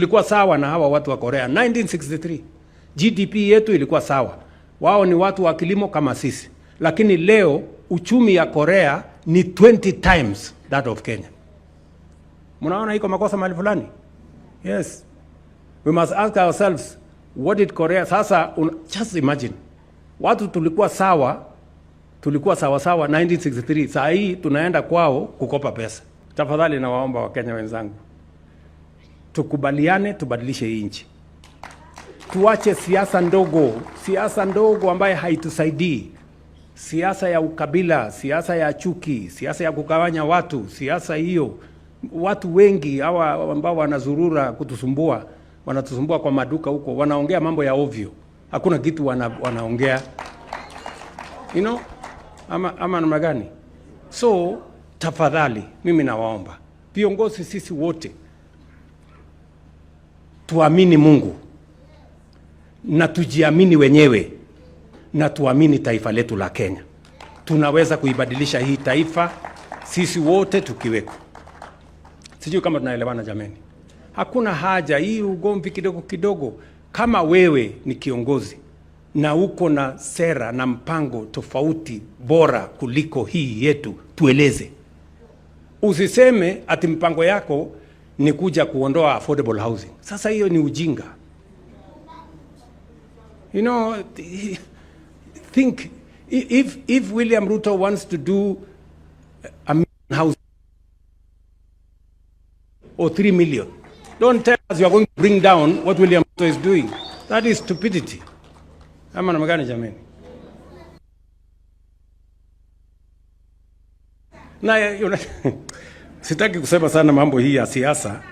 Tulikuwa sawa na hawa watu wa Korea 1963. GDP yetu ilikuwa sawa, wao ni watu wa kilimo kama sisi, lakini leo uchumi ya Korea ni 20 times that of Kenya. Mnaona iko makosa mahali fulani? Yes, we must ask ourselves what did Korea. Sasa un, just imagine watu tulikuwa sawa, tulikuwa sawa sawa 1963, saa hii tunaenda kwao kukopa pesa. Tafadhali nawaomba Wakenya wenzangu tukubaliane, tubadilishe hii nchi, tuache siasa ndogo, siasa ndogo ambaye haitusaidii, siasa ya ukabila, siasa ya chuki, siasa ya kugawanya watu, siasa hiyo. Watu wengi hawa ambao wanazurura kutusumbua, wanatusumbua kwa maduka huko, wanaongea mambo ya ovyo, hakuna kitu wana, wanaongea you know, ama, ama namna gani? So tafadhali, mimi nawaomba viongozi sisi wote tuamini Mungu na tujiamini wenyewe na tuamini taifa letu la Kenya. Tunaweza kuibadilisha hii taifa sisi wote tukiweko. Sijui kama tunaelewana jameni. Hakuna haja hii ugomvi kidogo kidogo. Kama wewe ni kiongozi na uko na sera na mpango tofauti bora kuliko hii yetu, tueleze. Usiseme ati mpango yako ni kuja kuondoa affordable housing. Sasa hiyo ni ujinga. You know, think if, if William Ruto wants to do a million house or three million, don't tell us you are going to bring down what William Ruto is doing. That is stupidity. Ama namna gani jamani? Na Sitaki kusema sana mambo hii ya siasa.